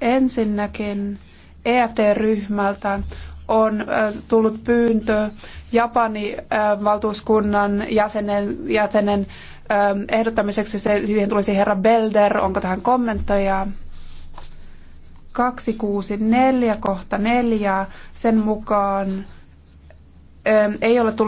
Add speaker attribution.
Speaker 1: Ensinnäkin EFD-ryhmältä on äh, tullut pyyntö Japanin äh, valtuuskunnan jäsenen, jäsenen äh, ehdottamiseksi. Siihen tulisi herra Belder. Onko tähän kommentteja? 264 kohta 4. Sen mukaan
Speaker 2: ähm, ei ole tullut